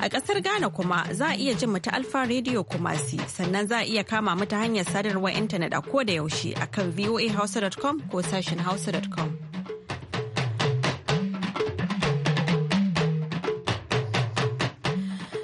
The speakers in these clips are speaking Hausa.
A ƙasar Ghana kuma za a iya jin mata ta Alfa Radio Kumasi sannan za a iya kama mata hanyar sadarwar intanet a ko da yaushe kan voahouse.com ko sashen hausa.com.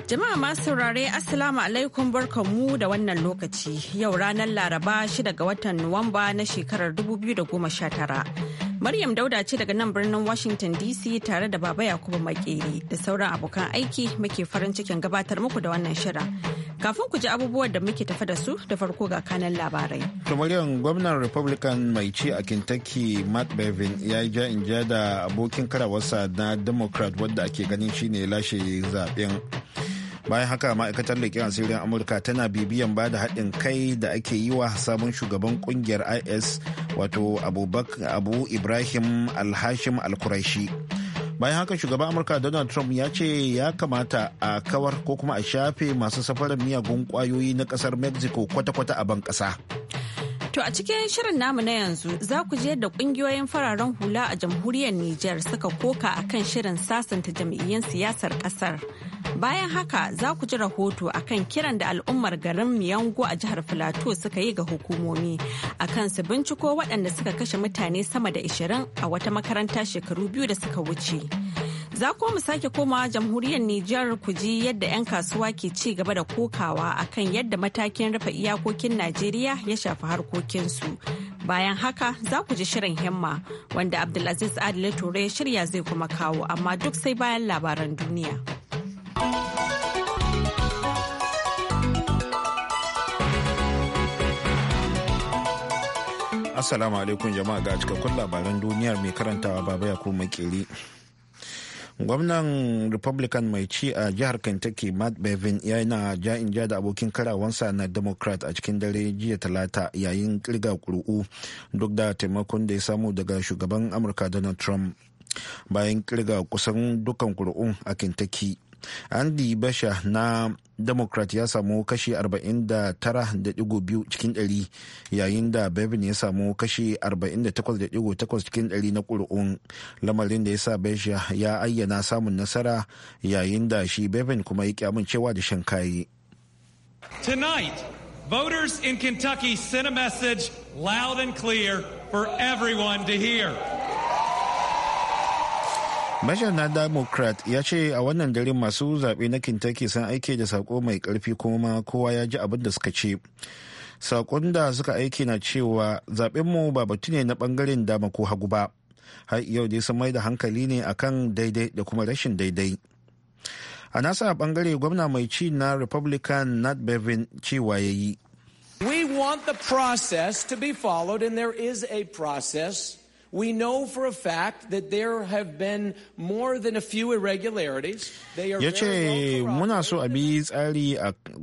Jama'a masu saurare Assalamu alaikum barkanmu da wannan lokaci yau ranar Laraba 6 ga watan Nuwamba na shekarar 2019. Maryam Dauda ce daga nan birnin Washington DC tare da Baba Yakubu Makeri da sauran abokan aiki muke farin cikin gabatar muku da wannan shirin. Kafin ku ji abubuwan da muke tafa da su da farko ga kanan labarai. maryam gwamnan Republican mai ci a Kentucky Matt Bevin ya yi ja'in da abokin karawarsa na Democrat wadda ake ganin shine lashe zaben. bayan haka ma'aikatar leƙen asirin amurka tana bibiyan ba da haɗin kai da ake yi wa sabon shugaban ƙungiyar is wato abu ibrahim alhashim alkuraishi bayan haka shugaban amurka donald trump ya ce ya kamata a kawar ko kuma a shafe masu safarar miyagun kwayoyi na kasar mexico kwata-kwata a ban kasa To a cikin shirin namu na yanzu za ku je da kungiyoyin fararen hula a jamhuriyar Nijar suka koka a kan shirin sasanta jam'iyyun siyasar kasar. Bayan haka za ku ji rahoto akan kiran da al'ummar garin Miyango a jihar Filato suka yi ga hukumomi akan su binciko waɗanda suka kashe mutane sama da 20 a wata makaranta shekaru biyu da suka wuce. Za ko mu sake komawa jamhuriyar Nijar ku ji yadda 'yan kasuwa ke ci gaba da kokawa akan yadda matakin rufe iyakokin Najeriya ya shafi harkokinsu. Bayan haka za ku ji shirin himma wanda Abdulaziz Adile Ture ya shirya zai kuma kawo amma duk sai bayan labaran duniya. Assalamu alaikum jama'a ga cikakkun labaran duniyar mai karantawa baba ya kuma kiri. Gwamnan Republican mai ci a jihar Kentucky Matt Bevin yana ja'in ja da abokin karawansa na Democrat a cikin dare jiya talata yayin kirga kuru'u duk da taimakon da ya samu daga shugaban Amurka Donald Trump. Bayan kirga kusan dukan kuru'un a Kentucky, andy basha na democrat ya samu kashi 49.2 cikin 100 yayin da bevin ya samu kashi 48.8 cikin 100 na ƙuri'un lamarin da ya sa basha ya ayyana samun nasara yayin da shi bevin kuma ya kyamun cewa da shankaye tonight voters in kentucky sent a message loud and clear for everyone to hear na democrat ya ce a wannan dare masu zaɓe na kentucky sun aike da sako mai ƙarfi kuma kowa ya ji abin da suka ce sakon da suka aike na cewa zaɓenmu ba batu ne na ɓangaren dama ko hagu ba har yau dai sun mai da hankali ne akan daidai da kuma rashin daidai a nasa bangare gwamna mai ci na republican nat bevin cewa ya yi we want the process to be followed and there is a process We know for a fact that there have been more than a few irregularities. muna so a bi tsari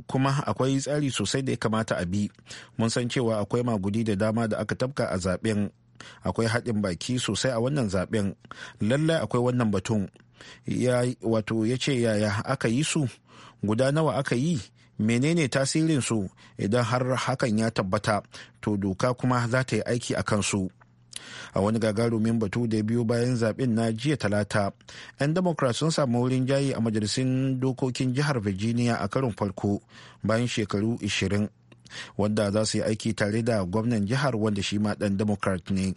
kuma akwai tsari sosai da ya kamata a bi. Mun san cewa akwai magudi da dama da aka tabka a zaben. Akwai haɗin baki sosai a wannan zaben. Lallai akwai wannan batun. wato ya ce yaya aka yi su guda nawa aka yi menene tasirin su idan har hakan ya tabbata to doka kuma za ta yi aiki a kansu a wani gagarumin batu da ya bayan zaben na jiya talata 'yan democrat sun samu wurin jayi a majalisun dokokin jihar virginia a karin farko bayan shekaru 20 wanda za su yi aiki tare da gwamnan jihar wanda shi ma dan democrat ne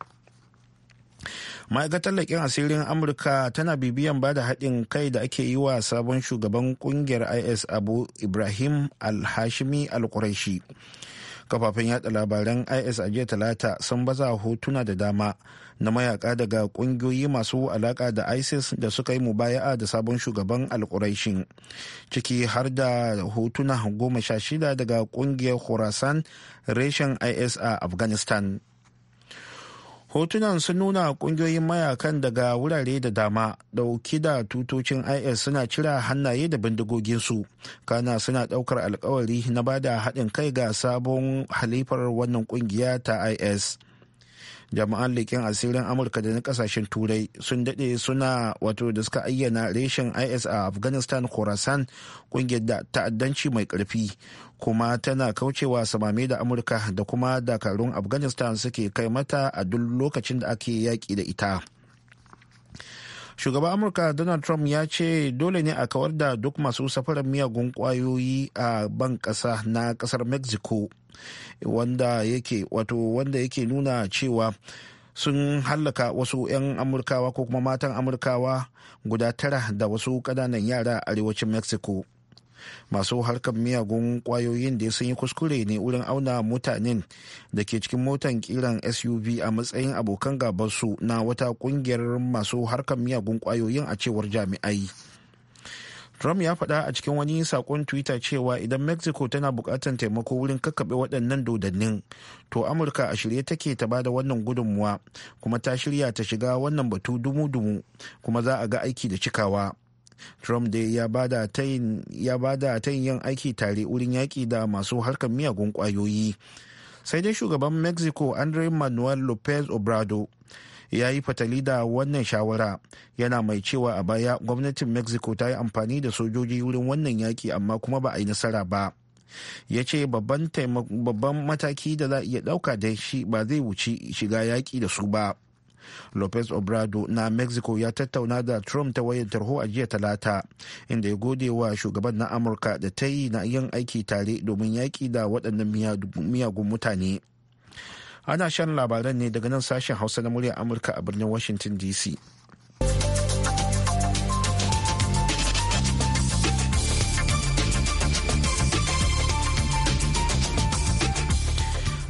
ma'aikatar laƙin asirin amurka tana bibiyan bada da haɗin kai da ake yi wa sabon shugaban ƙungiyar is abu ibrahim alhashimi alƙuraishi kafafen yada labaran is a jiya talata sun baza hotuna da dama na mayaka daga kungiyoyi masu alaka da isis da suka yi mubaya'a da sabon shugaban alkuraishi ciki har da hotuna goma sha shida daga kungiyar khorasan reshen is a afghanistan hotunan sun nuna kungiyoyin mayakan daga wurare da dama dauki da tutocin is suna cira hannaye da bindigoginsu kana suna daukar alkawari na bada haɗin kai ga sabon halifar wannan kungiya ta is jama'an leƙen asirin amurka da na kasashen turai sun daɗe suna wato da suka ayyana reshen is a afghanistan khorasan ƙungiyar da ta'addanci mai ƙarfi kuma tana kaucewa samame da amurka da kuma dakarun afghanistan suke kai mata a duk lokacin da ake yaƙi da ita shugaban amurka donald trump ya ce dole ne a kawar da duk masu safarar miyagun kwayoyi a ban kasa na kasar mexico wanda yake wato wanda yake nuna cewa sun hallaka wasu 'yan amurkawa ko kuma matan amurkawa guda tara da wasu ƙananan yara a arewacin mexico masu harkar miyagun kwayoyin da sun yi kuskure ne wurin auna mutanen da ke cikin motan kiran suv a matsayin abokan gabarsu na wata kungiyar masu harkar miyagun kwayoyin a cewar jami'ai trump ya faɗa a cikin wani saƙon twitter cewa idan mexico tana buƙatar taimako wurin kakkaɓe waɗannan dodannin to amurka a shirye take ta bada wannan gudunmuwa kuma ta shirya ta shiga wannan batu dumu-dumu kuma za a ga aiki da cikawa trump dai ya ba da ta yin aiki tare wurin yaƙi da masu harkar miyagun ƙwayoyi sai dai shugaban mexico andre manuel lopez obrado ya yi fatali da wannan shawara yana mai cewa a baya gwamnatin mexico ta yi amfani da sojoji wurin wannan yaƙi amma kuma ba a yi nasara ba ya ce babban mataki da za a iya ɗauka da shi ba zai wuci shiga yaƙi da su ba lopez obrado na mexico ya tattauna da trump ta wayar tarho a jiya talata inda ya gode wa shugaban na amurka da ta yi na yin aiki tare domin yaƙi da waɗannan miyagun mutane ana shan labaran ne daga nan sashen hausa na murya amurka a birnin washington dc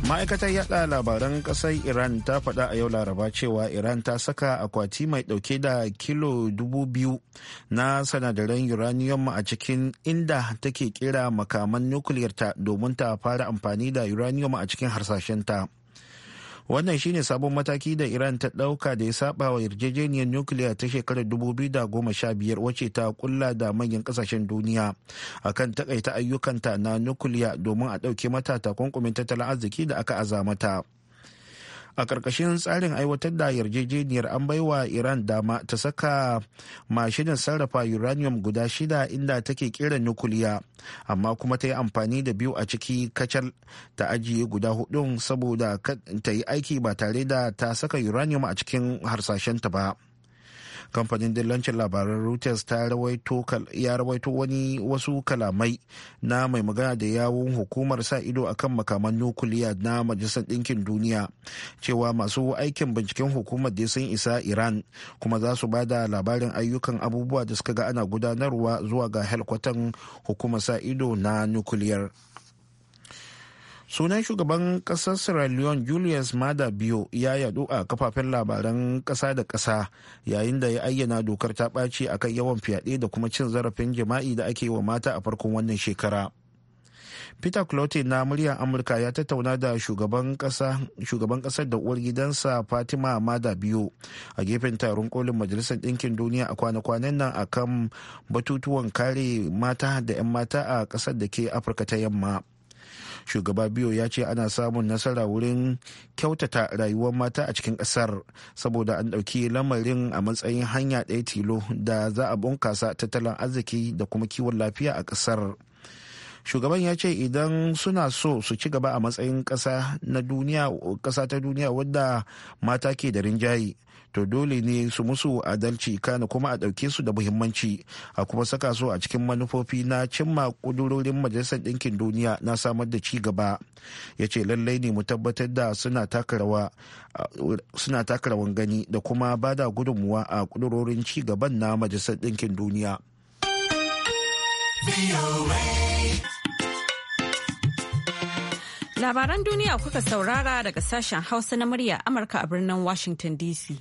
ma'aikatar yada labaran kasar iran ta faɗa a yau laraba cewa iran ta saka akwati mai ɗauke da kilo dubu biyu na sanadaran uranium a cikin inda take kira makaman nukiliyarta domin ta fara amfani da uranium a cikin harsashenta. ta wannan shine sabon mataki da iran ta ɗauka da ya saba wa yarjejeniyar nukiliya ta shekarar 2015 wacce ta kulla da manyan ƙasashen duniya akan takaita ayyukanta na nukiliya domin a ɗauke mata takunkumin tattalin arziki da aka aza mata a ƙarƙashin tsarin aiwatar da yarjejeniyar an baiwa iran dama ta saka mashinan sarrafa uranium guda shida inda take kera nukuliya amma kuma ta yi amfani da biyu a ciki kacal ta ajiye guda hudun saboda ta yi aiki ba tare da ta saka uranium a cikin harsashenta ba. kamfanin dillancin labaran reuters ya rawaito wani wasu kalamai na mai magana da yawun hukumar sa ido akan makaman nukuliya na majalisar ɗinkin duniya cewa masu aikin binciken hukumar da sun isa iran kuma za su ba labarin ayyukan abubuwa da suka ga ana gudanarwa zuwa ga helkwatan hukumar sa ido na nukuliyar. sunan shugaban kasar sierra leone julius mada biyo ya yadu a kafafen labaran kasa da kasa yayin da ya ayyana dokar ta ɓaci a kan yawan fyaɗe da kuma cin zarafin jima'i da ake wa mata a farkon wannan shekara peter clotte na muryar amurka ya tattauna da shugaban kasar da uwar gidansa fatima mada biyo a gefen taron kolin majalisar ɗinkin duniya a kwana-kwanan nan akan batutuwan kare mata da 'yan mata a ƙasar da ke afirka ta yamma shugaba biyo ya ce ana samun nasara wurin kyautata rayuwar mata a cikin ƙasar saboda an ɗauki lamarin a matsayin hanya ɗaya tilo da za a bunkasa tattalin arziki da kuma kiwon lafiya a ƙasar shugaban ya ce idan suna so su ci gaba a matsayin ƙasa ta duniya wadda mata ke da rinjaye to dole ne su musu adalci kana kuma a ɗauke su da muhimmanci a kuma saka su a cikin manufofi na cimma kudurorin majalisar ɗinkin duniya na samar da ci gaba ya ce lallai ne mu tabbatar da suna taka rawan gani da kuma ba da gudunmuwa a kudurorin ci gaban na majalisar ɗinkin duniya. Labaran duniya kuka saurara daga sashen Hausa na murya Amurka a birnin Washington DC.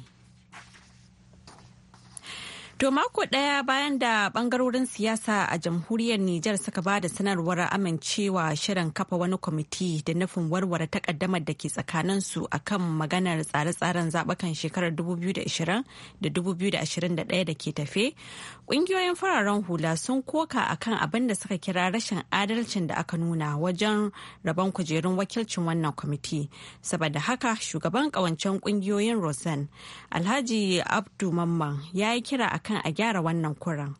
To mako ɗaya bayan da bangarorin siyasa a jamhuriyar Nijar suka ba da sanarwar amincewa shirin kafa wani kwamiti da nufin warware takaddamar da ke tsakaninsu a kan maganar tsare-tsaren zaɓakan shekarar 2020 da 2021 da ke tafe, ƙungiyoyin fararen hula sun koka a kan abin da suka kira rashin adalcin da aka nuna wajen rabon kujerun wakilcin wannan kwamiti. Saboda haka shugaban ƙawancen ƙungiyoyin Rosen, Alhaji Abdu Mamman ya yi kira akan kan a gyara wannan kuran.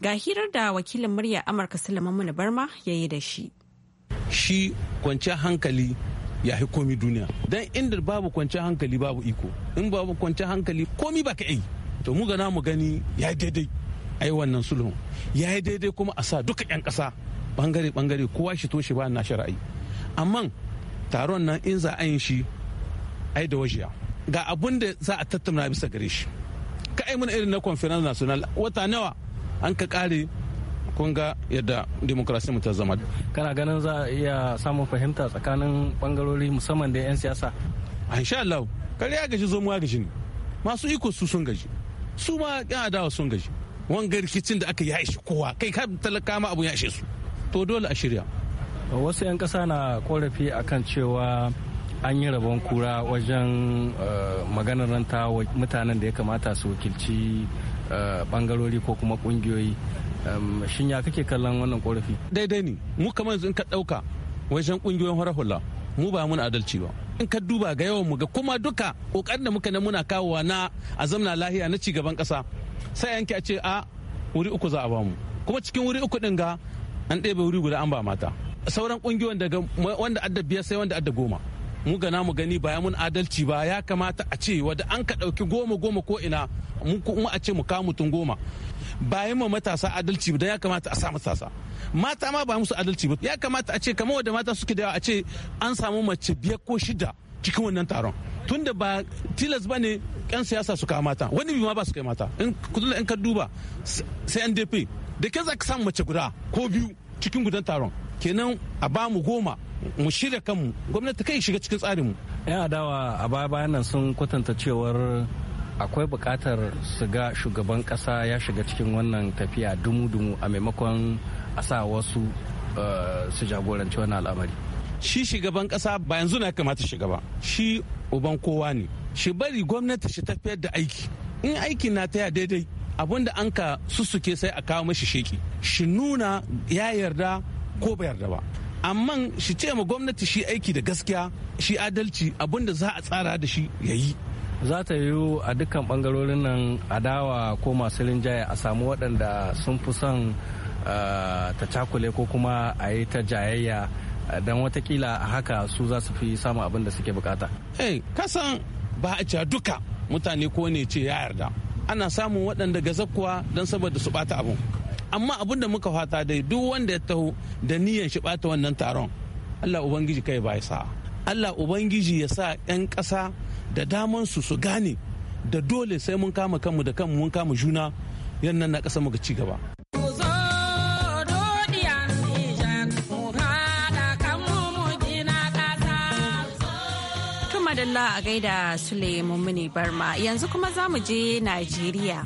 Ga hirar da wakilin murya Amurka Sulaiman Muni Barma ya yi da shi. Shi kwanciyar hankali ya fi komi duniya. Dan inda babu kwanciyar hankali babu iko. In babu kwanciyar hankali komi ba ka yi. To mu gana mu gani ya yi daidai. a yi wannan sulhun. Ya yi daidai kuma a sa duka 'yan ƙasa bangare-bangare kowa shi toshe ba na shari'a Amma taron nan in za a yin shi ai da wajiya. Ga abun da za a tattauna bisa gare shi. ka mun irin na conference national wata nawa an ka kare kun ga yadda demokrasiyar ta zama kana ganin za a iya samun fahimta tsakanin bangarori musamman da 'yan siyasa insha Allah kare ya gaji zo mu gaji ne masu iko su sun gaji su ma yan adawa sun gaji wanga rikicin da aka yashi kowa kai ka talaka ma abu yashe su to dole a shirya wasu 'yan kasa na korafi akan cewa an yi rabon kura wajen eh, maganar ranta mutanen da ya kamata su wakilci eh, bangarori ko kuma kungiyoyi shin ya kake kallon wannan korafi daidai ne mu kamar yanzu in ka dauka wajen kungiyoyin hula mu ba mun adalci ba in ka duba ga yawan mu ga kuma duka kokarin da muka na muna kawowa na azamna lahiya na cigaban kasa sai yanke a ce a wuri uku za a bamu kuma cikin wuri uku din ga an ɗebe wuri guda an ba mata sauran kungiyoyin daga wanda adda biyar sai wanda adda goma mu gana mu gani ba ya mun adalci ba ya kamata a ce wadda an ka ɗauki goma goma ko ina mu kuma a ce mu kawo mutum goma ba yi ma matasa adalci ba da ya kamata a sa matasa mata ma ba musu adalci ba ya kamata a ce kamar wadda mata suke da yawa a ce an samu mace biyar ko shida cikin wannan taron tunda ba tilas ba ne yan siyasa su kawo mata wani bi ma ba su kai mata in ka duba sai ndp da ke za ka samu mace guda ko biyu cikin gudan taron kenan a ba mu goma mu shirya kanmu gwamnati kai shiga cikin mu yan adawa a baya bayan nan sun kwatanta cewar akwai bukatar su ga shugaban kasa ya shiga cikin wannan tafiya dumu-dumu a maimakon a sa wasu eh, su jagoranci wani al'amari shi shugaban kasa ba yanzu na kamata shiga ba shi uban kowa ne shi bari gwamnati shi tafiyar da aiki in aiki na taya daidai abun da an ka sussuke sai a kawo mashi sheki shi nuna ya yarda ko ba yarda ba amma shi ce ma gwamnati shi aiki da gaskiya shi adalci abinda za a tsara da shi ya yi za ta yiwu a dukkan bangarorin nan adawa ko masu rinjaya a samu waɗanda sun fi son ta cakule ko kuma a yi ta jayayya don watakila a haka su za su fi samun abin da suke bukata. eh kasan ba a cewa duka mutane ko ne ce ya yarda ana samun waɗanda gazakuwa don saboda su bata abu amma abin da muka fata dai duk wanda ya taho da niyyar shi bata wannan taron allah ubangiji kai bai sa allah ubangiji ya sa 'yan ƙasa da daman su su gane da dole sai mun kama kanmu da kanmu mun kama juna yannan na ƙasa muka ci gaba madalla a gaida Sule Mummuni Barma yanzu kuma za mu je Najeriya.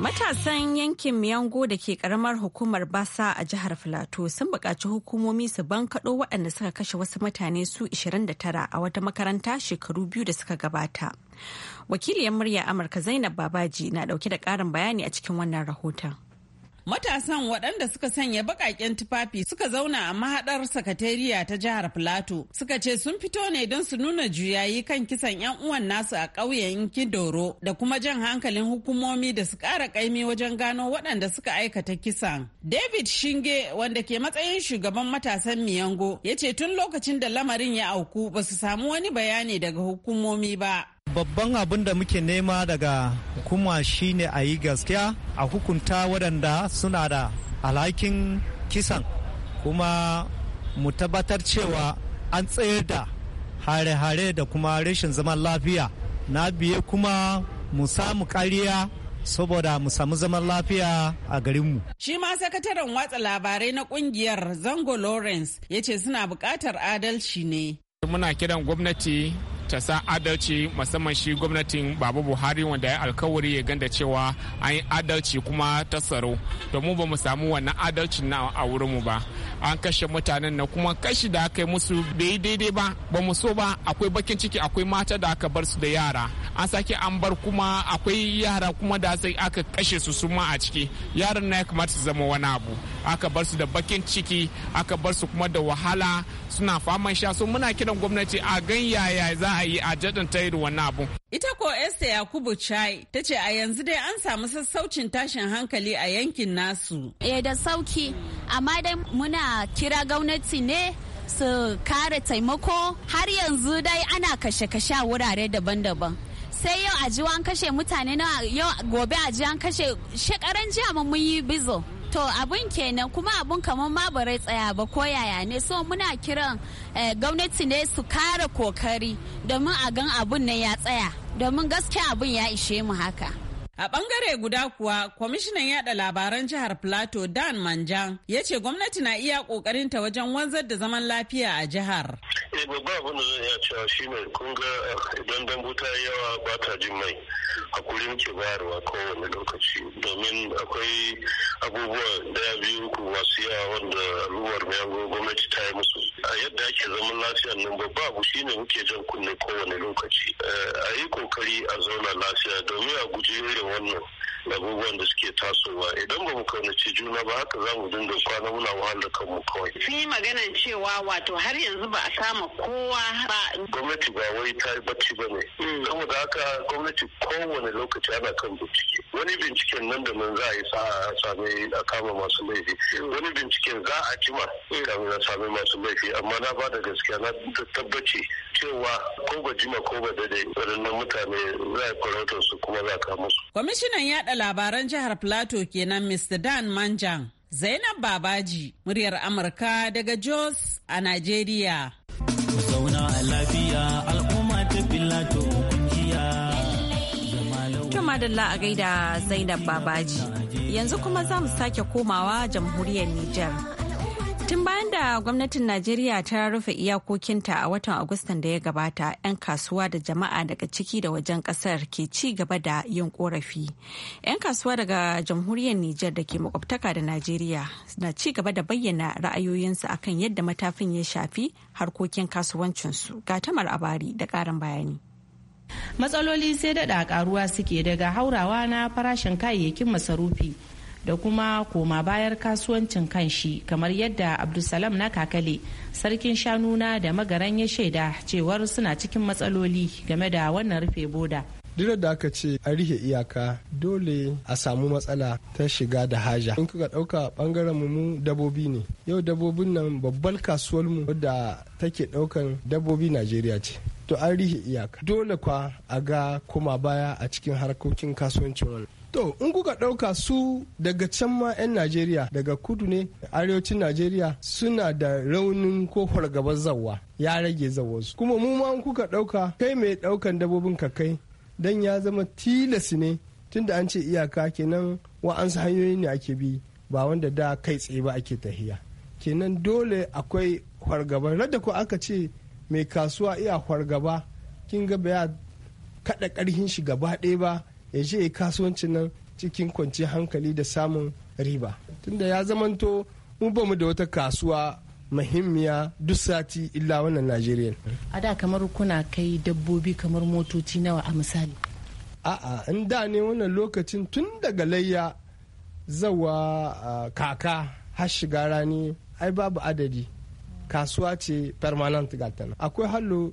Matasan yankin Miyango da ke karamar hukumar Basa a jihar Filato sun buƙaci hukumomi su bankaɗo waɗanda suka kashe wasu mutane su 29 a wata makaranta shekaru biyu da suka gabata. Wakiliyar murya Amurka Zainab Babaji na ɗauke da ƙarin bayani a cikin wannan rahoton. Matasan waɗanda suka sanya baƙaƙen tufafi suka zauna a mahaɗar sakatariya ta jihar Filato suka ce sun fito ne don su nuna juyayi kan kisan 'yan uwan nasu a ƙauyen Kidoro da kuma jan hankalin hukumomi da su ƙara ƙaimi wajen gano waɗanda suka aikata kisan. David Shinge wanda ke matsayin shugaban matasan Miyango ya ce tun lokacin da lamarin ya auku ba su samu wani bayani daga hukumomi ba. Babban abin da muke nema daga hukuma shine a yi gaskiya a hukunta wadanda suna da alhakin kisan kuma mu tabbatar cewa an tsayar da hare-hare da kuma rashin zaman lafiya na biye kuma mu samu kariya saboda mu samu zaman lafiya a garinmu. Shi ma sakataren watsa labarai na kungiyar Zango Lawrence ya ce suna bukatar adalci ne. Muna kiran gwamnati ta sa adalci musamman shi gwamnatin babu Buhari wanda ya alkawari ya ganda cewa an yi adalci kuma ta tsaro domin ba mu samu wannan adalcin na a wurinmu ba. an kashe mutanen na kuma kashi da aka yi musu bai daidai ba ba mu so ba akwai bakin ciki akwai mata da aka bar su da yara an sake an bar kuma akwai yara kuma da sai aka kashe su su ma a ciki yaran na ya kamata su zama wani abu aka bar su da bakin ciki aka bar su kuma da wahala suna faman sha so muna kiran gwamnati a gan yaya za a yi a jadanta irin wani abu ita ko Esther Yakubu Chai ta ce a yanzu dai an samu sassaucin tashin hankali a yankin nasu. Eh da sauki, amma dai muna kira gwamnati ne su kare taimako har yanzu dai ana kashe-kashe a wurare daban-daban. sai yau a ji an kashe mutane na yau gobe a ji an kashe shekaran jiya mun yi bizo to abun kenan kuma abun kamar ma rai tsaya ba ko yaya ne so muna kiran eh, gwamnati ne su kara kokari domin a gan abun nan ya tsaya domin gaskiya abun ya ishe mu haka A bangare guda kuwa, kwamishinan yada labaran jihar Plateau Dan Manjan ya ce gwamnati na iya kokarinta wajen wanzar da zaman lafiya a jihar. E eh, babba abin da zan iya cewa shi ne kun ga eh, idan dambu yawa ba ta jin mai hakuri muke bayarwa kowane lokaci domin akwai abubuwa daya biyu uku masu yawa wanda al'ummar mai gwamnati ta yi musu. A yadda ake zaman lafiya nan babba abu shi ne muke jan kunne kowane lokaci. Eh, a yi kokari a zauna lafiya domin a guji wannan da abubuwan da suke tasowa idan ba mu kaunaci juna ba haka za mu dinga kwana muna wahalar kanmu kawai. sun yi maganan cewa wato har yanzu ba a kama kowa ba. gwamnati ba wai ta yi bacci ba ne. kama mm. da haka gwamnati kowane lokaci ana kan bincike wani binciken nan da nan za a yi a sami a kama masu laifi mm. wani binciken za a jima mm. kamin a sami masu laifi amma na ba da gaskiya na da tabbaci cewa ko ba jima ko ba dade waɗannan mutane za a farautar su kuma za a kama su. kwamishinan yaɗa labaran jihar Plateau kenan Mr. Dan Manjan. Zainab Babaji, muryar Amurka daga Jos a Najeriya. madalla a gaida Zainab Babaji. Yanzu kuma za mu sake komawa jamhuriyar Nijar. Tun bayan da gwamnatin Najeriya ta rufe iyakokinta a watan Agustan da ya gabata, 'yan kasuwa da jama'a daga ciki da wajen kasar ke ci gaba da yin korafi. 'Yan kasuwa daga jamhuriyar Nijar da ke makwabtaka da Najeriya na ci gaba da bayyana ra'ayoyinsu akan yadda matafin ya shafi harkokin kasuwancinsu. Ga tamar abari da karin bayani. Matsaloli sai daɗa karuwa suke daga haurawa na farashin kayayyakin masarufi. da kuma koma bayar kasuwancin kanshi kamar yadda abdulsalam na kakale sarkin shanuna da magaran ya shaida cewar suna cikin matsaloli game da wannan rufe boda duk da aka ce a rihe iyaka dole a samu matsala ta shiga da haja in kuka ɗauka ɓangaren mu dabobi ne yau dabobin nan babbar kasuwar mu wadda take ɗaukan dabobi najeriya ce to an rihe iyaka dole kwa a ga koma baya a cikin harkokin kasuwancin wani To, in kuka ɗauka su daga can ma 'yan Najeriya daga kudu ne arewacin Najeriya suna da raunin ko fargabar zawa ya rage zawarsu. Kuma mu ma in kuka ɗauka kai mai ɗaukan dabobin ka kai don ya zama tilasi ne tunda an ce iyaka kenan wa'ansu hanyoyi ne ake bi ba wanda da kai tsaye ba ake tahiya. Kenan dole akwai fargaba. Radda ko aka ce mai kasuwa iya fargaba kin ga ba kaɗa ƙarfin shi gaba ɗaya ba ya je kasuwanci nan cikin kwanci hankali da samun riba tunda ya zamanto mu bamu da wata kasuwa mahimmiya duk sati illa wannan najeriya a da kamar kuna kai dabbobi kamar motoci nawa a misali a'a in da ne wannan lokacin tun daga layya zawa kaka har shiga rani ai babu adadi kasuwa ce permanent gatan akwai hallo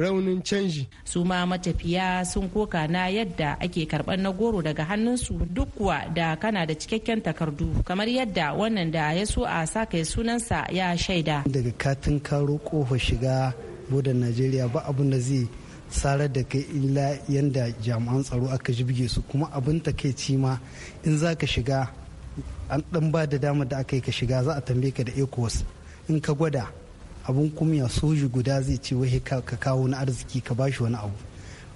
raunin canji su ma matafiya sun koka na yadda ake karɓar na goro daga hannunsu duk kuwa da kana da cikakken takardu kamar yadda wannan da ya so a saka sunansa ya shaida daga katin karo kofa shiga bodan najeriya ba abin da zai sarar da kai illa yadda jami'an tsaro aka jibge su kuma abin ta takaici ma in za ka shiga an dan ba da damar da aka yi ka shiga za a tambaye ka da ecos in ka gwada Abin kumya soji guda zai ce wai ka kawo na arziki ka bashi wani abu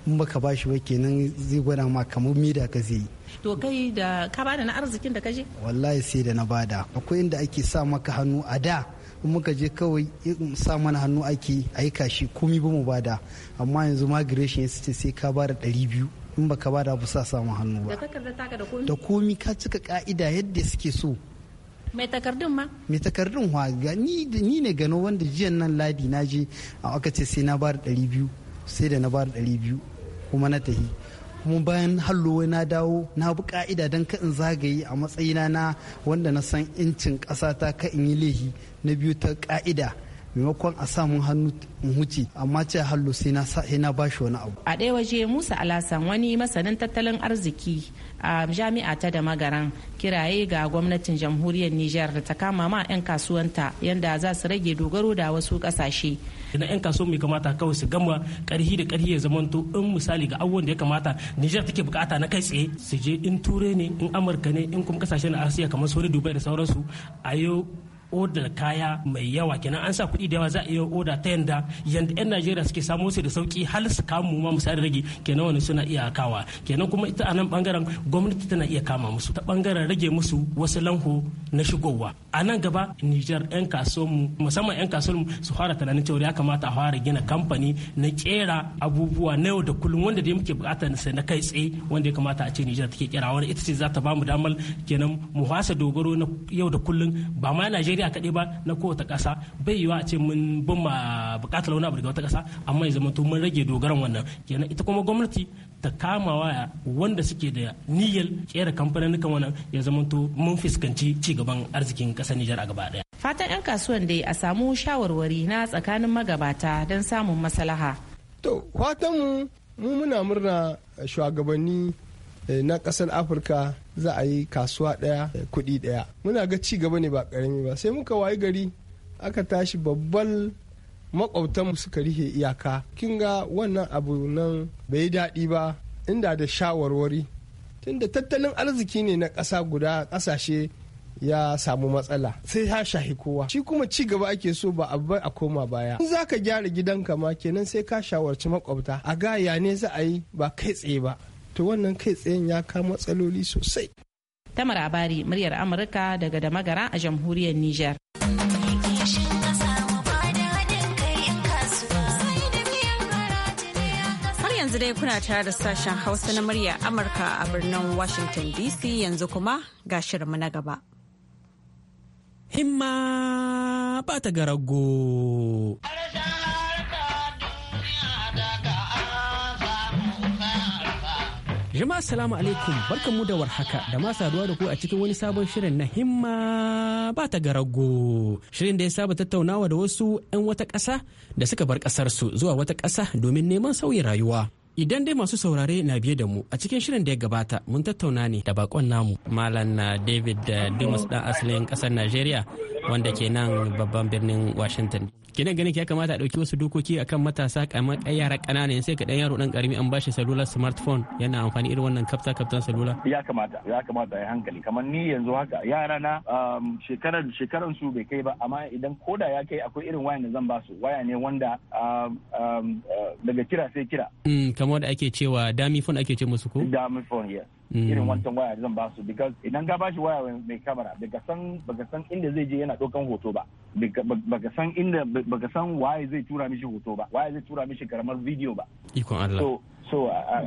in baka bashi ba kenan zai gwada ma kamar mida ka zai yi to kai da ka bada na arzikin da ka je wallahi sai da na bada akwai inda ake sa maka hannu a da in muka je kawai sa mana hannu ake aika shi komi ba mu bada amma yanzu migration su ce sai ka bada ɗari biyu in baka bada ba sa samu hannu ba da komi ka cika ka'ida yadda suke so mai takardun ma mai takardun wa ni ne gano wanda jiyan nan ladi na je a aka ce sai na bar ɗari sai da na bar ɗari biyu kuma na tahi kuma bayan hallo na dawo na bi ka'ida don ka zagaye a matsayina na wanda na san incin ƙasa ta ka yi lehi na biyu ta ka'ida maimakon a samun hannu in huce amma ce hallu sai na sai na bashi wani abu a ɗaya waje Musa Alasan wani masanin tattalin arziki a jami'a ta da magaran kiraye ga gwamnatin jamhuriyar niger da ta kama ma 'yan kasuwanta yanda za su rage dogaro da wasu kasashe idan 'yan kasuwa mai kamata kawai su gama karhi da karhi ya zamanto in misali ga abubuwan da ya kamata Nijar take bukata na kai tsaye su je in ture ne in Amurka ne in kuma kasashen Asiya kamar Saudi Dubai da sauransu a yau odar kaya mai yawa kenan an sa kuɗi da yawa za a iya oda ta yanda yanda 'yan najeriya suke samo su da sauki hal su kamu ma misali rage kenan wani suna iya kawa kenan kuma ita anan nan bangaren gwamnati tana iya kama musu ta bangaren rage musu wasu lanho na shigowa a nan gaba nijar 'yan mu musamman 'yan kasuwanmu su fara tunanin cewa ya kamata a fara gina kamfani na kera abubuwa na yau da kullum wanda dai muke bukata na kai tsaye wanda ya kamata a ce nijar take kera wani ita ce za ta mu damar kenan mu hasa dogaro na yau da kullum ba ma najeriya najeriya kaɗai ba na kowace ƙasa bai yiwa a ce mun bin ma buƙatar wani abu daga wata ƙasa amma ya zama mun rage dogaran wannan kenan ita kuma gwamnati ta kamawa wanda suke da niyyar kera kamfanin wannan ya zama mun fuskanci ci gaban arzikin ƙasar nijar a gaba ɗaya fatan 'yan kasuwan dai a samu shawarwari na tsakanin magabata don samun maslaha to fatan mu muna murna shugabanni Eh, na ƙasar afirka za a yi kasuwa ɗaya kuɗi ɗaya muna ga ci gaba ne ba karami ba sai muka wayi gari aka tashi babban makwabtanmu suka rihe iyaka kin ga wannan abu nan bai daɗi ba inda da shawarwari tunda tattalin arziki ne na ƙasa guda ƙasashe ya samu matsala sai ya shahi kowa shi kuma ci gaba ake so ba abu a koma baya in zaka gyara gidanka ma kenan sai ka shawarci makwabta a ga ya ne za a yi ba kai tsaye ba to wannan kai tsayen ya kawo matsaloli sosai tamar abari muryar amurka daga da magara a jamhuriyar niger yanzu dai kuna tare da sashen hausa na murya amurka a birnin washington dc yanzu kuma ga shirinmu na gaba himma ba ta garago Jama'a assalamu alaikum barkanmu da warhaka da ma saduwa da ku a cikin wani sabon shirin na himma ba ta garago. Shirin da ya saba tattaunawa da wasu 'yan wata ƙasa da suka bar ƙasarsu zuwa wata ƙasa domin neman sauyin rayuwa. Idan dai masu saurare na biye da mu a cikin shirin da ya gabata mun tattauna ne da bakon namu. Malam na uh, David uh, Dumas ɗan asalin ƙasar Najeriya wanda ke nan babban birnin Washington. kina ganin ya kamata a ɗauki wasu dokoki akan matasa kamar yara ƙanana sai ka ɗan yaro ɗan ƙarami an bashi salular smartphone yana amfani irin wannan kafta kaftan salula ya kamata ya kamata ya hankali kamar ni yanzu haka yara na um, shekarar shekaran su bai kai ba amma idan koda ya kai akwai irin waya da zan ba su waya ne wanda um, um, uh, daga kira sai kira hmm, kamar da ake cewa dami phone ake ce musu ko dami phone yes irin mm. wancan waya zan ba su because idan ka bashi waya mai kamera baka san baka san inda zai je yana ɗaukan hoto ba baka san inda baka san waye zai tura mishi hoto ba waye zai tura mishi karamar video ba ikon Allah so so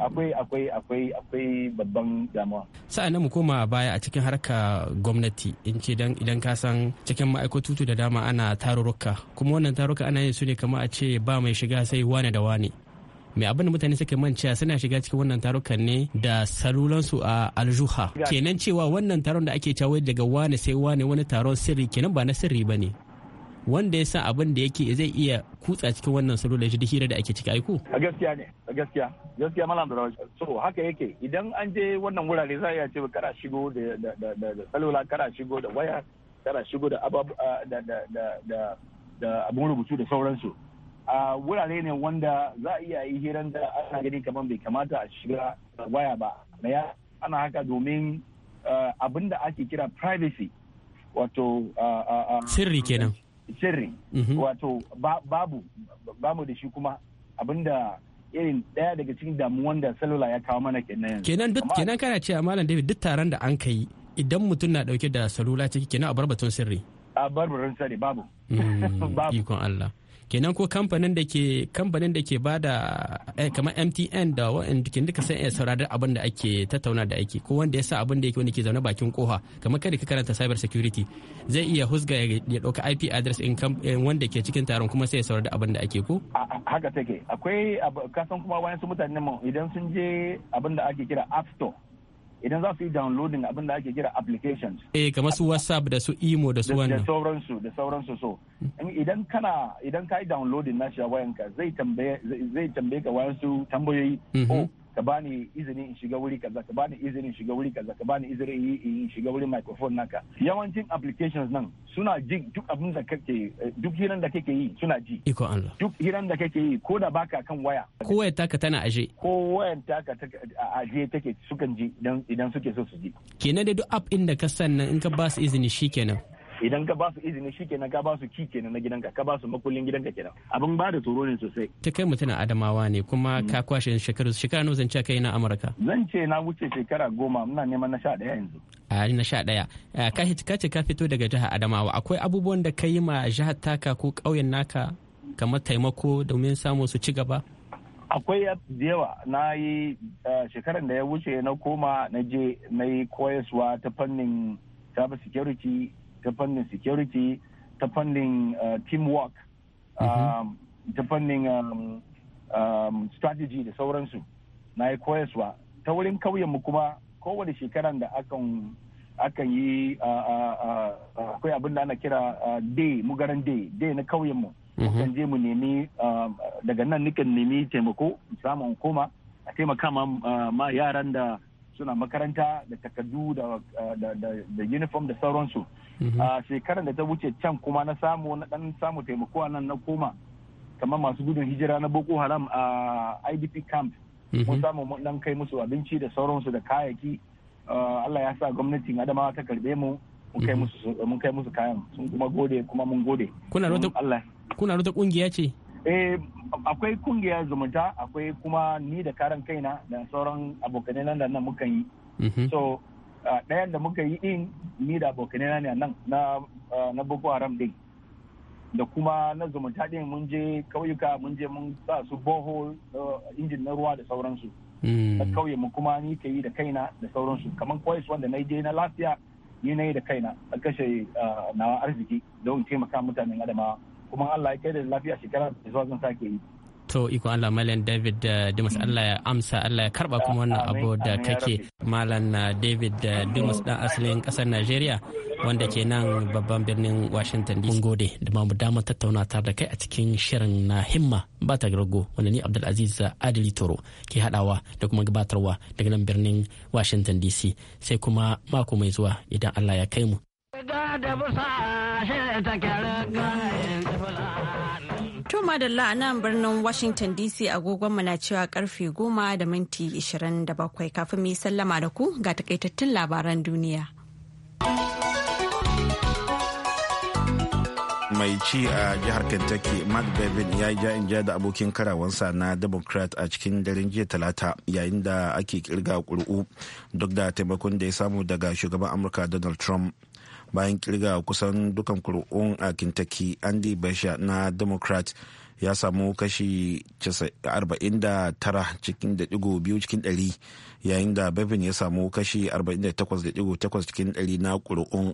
akwai akwai akwai akwai babban damuwa sa'an mu koma baya a cikin harka gwamnati in ce dan idan ka san cikin ma'aikatu da dama ana tarurruka kuma wannan tarurruka ana yin su ne kamar a ce ba mai shiga sai wane da wane mai abin da mutane suke manta suna shiga cikin wannan tarukan ne da salulansu a aljuha kenan cewa wannan taron da ake cewa daga wani sai wani wani taron sirri kenan ba na sirri ba ne wanda ya san abin da yake zai iya kutsa cikin wannan salo da hira da ake ciki aiko? A gaskiya ne, a gaskiya, gaskiya malam da So haka yake idan an je wannan wurare za a iya ce kara shigo da salula kara shigo da waya kara shigo da abab da abun rubutu da sauransu. a wurare ne wanda za a iya yi hiran da ana gani kamar bai kamata a shiga waya ba ya ana haka domin abin da ake kira privacy wato sirri kenan sirri mhm. wato babu bamu da shi kuma abinda irin daya daga cikin damuwan da salula ya kawo mana kenan kenan duk kenan kana cewa malam david duk taron da an kai idan mutum na dauke da salula ciki kenan a barbatun sirri a bar sirri babu hmm, babu ikon allah kenan ko kamfanin da ke kamfanin da ke bada eh, kamar MTN da waɗanda ke duka sai saurari abin da ake tattauna da ake ko wanda ya sa abin da yake wanda ke zaune bakin koha kamar kada ka karanta cyber security zai iya husga ya dauka IP address in wanda ke cikin taron kuma sai ya saurari abin da ake ko haka take akwai kasan kuma wayansu mutanen mu idan sun je abin da ake kira app store idan za su yi downloading abin da ake kira applications eh kamar su whatsapp da su imo da su wannan da sauransu da sauransu so idan kana idan ka yi downloading na shi a wayanka zai tambaye ka wayansu tambayoyi mhm. oh ka bani izini in shiga wuri kaza ka bani izini in shiga wuri kaza ka bani izini in shiga wuri microphone naka yawancin applications nan suna ji duk abin da kake eh, duk hiran da kake yi suna ji iko Allah duk hiran da kake yi ko da baka kan waya ko wayar taka tana aje ko waya taka a aje take sukan ji idan suke so su ji kenan da duk app din da ka sannan in ka ba su izini shikenan idan ka ba su izini shikenan ka ba su ki kenan na gidanka ka ba su makullin gidanka kenan abin ba da tsoro ne sosai ta kai mutum adamawa ne kuma mm. ka kwashe shekaru shekara nawa zan ce kai na amurka zan ce na wuce shekara goma muna neman na sha daya yanzu a na sha daya ka ce ka fito daga jihar adamawa akwai abubuwan da ka yi ma jihar taka ko ƙauyen naka kamar taimako domin samu su ci gaba akwai da yawa na yi shekaran da ya wuce na koma na je na yi koyaswa ta fannin cyber security ta fannin security ta fannin uh, teamwork mhm. um, ta fannin um, um, strategy da sauransu na yi koyaswa ta wurin kauyenmu kuma kowane shekaran da akan yi uh, uh, akwai abin da ana kira day mugaran day day na kauyenmu mhm. kan je mu nemi daga nan nika nemi taimako samun koma a taimaka ma yaran da suna makaranta da takardu da uniform da sauransu Mhm. a shekarar da ta wuce can kuma na samu na dan samu taimako a nan na koma kamar masu gudun hijira na boko haram a idp camp mun mhm. samu mun dan kai musu abinci da sauransu da kayaki allah ya sa gwamnatin adamawa ta karbe mu mhm. mun kai musu kayan sun kuma gode kuma mun gode kuna rota kungiya ce eh akwai kungiya zumunta akwai kuma ni da karan kaina da sauran abokanai nan da nan mukan yi so ɗayan da muka yi din ni da abokanai na nan na boko haram din da kuma na zumunta din mun je kauyuka mun je mun sa su boho injin na ruwa da sauransu hmm. na kauye mu kuma ni ke yi da kaina da sauransu kamar kwais wanda na je na lafiya ni na yi da kaina a kashe na arziki don taimaka mutanen adamawa kuma Allah ya kai da lafiya shekara da zuwa zan sake yi to iko Allah Malam David eh, Dumas Allah ya amsa Allah ya karba kuma wannan abu da kake Malam eh, David eh, Dumas dan asalin kasar Najeriya wanda ke nan babban birnin Washington DC. Mun gode da mamu damar tattauna tare da kai a cikin shirin na himma ba ta rago wanda ni Abdulaziz Adili Toro ke hadawa da kuma gabatarwa daga nan birnin Washington DC sai kuma mako mai zuwa idan Allah ya kai mu. Da da busa shi ta kyara To madalla a nan birnin Washington DC agogonmu na cewa karfe goma da minti 27 kafin mu yi sallama da ku ga takaitattun labaran duniya. mai ci a jihar kentucky mark bevin ya yi ja da abokin karawansa na democrat a cikin daren jiya talata yayin da ake kirga ƙuri'u duk da taimakon da ya samu daga shugaban amurka donald trump bayan kirga kusan dukan kuri'un a kentucky andy bashir na democrat ya samu kashi 49 cikin da digo biyu cikin dari yayin da bevin ya samu kashi 48.8 cikin dari na kuri'un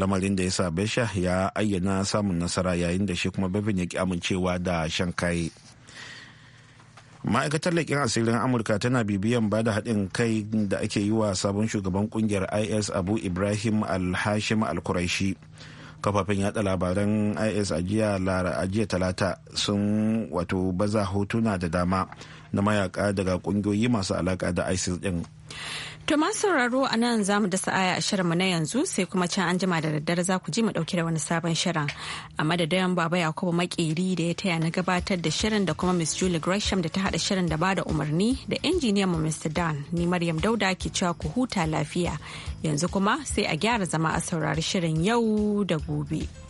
lamarin da ya sa bashir ya ayyana samun nasara yayin da shi kuma bevin ya ki amincewa da shan kaye. ma'aikatar leƙin asirin amurka tana bibiyan ba da haɗin kai da ake yi wa sabon shugaban kungiyar is abu ibrahim alhashim alkuraishi kafafen yada labaran is a jiya talata sun wato baza hotuna da dama na mayaka daga kungiyoyi masu alaka da isis din To masu sauraro a nan za mu da aya a shirinmu na yanzu sai kuma can an jima da daddare za ku ji mu dauki da wani sabon shirin. A madadayan Baba Yakubu Makeri da ya taya na gabatar da shirin da kuma Miss Julie Gresham da ta haɗa shirin da bada umarni da injiniyan mu Mr. Dan ni Maryam Dauda ke cewa ku huta lafiya. Yanzu kuma sai a gyara zama a saurari shirin yau da gobe.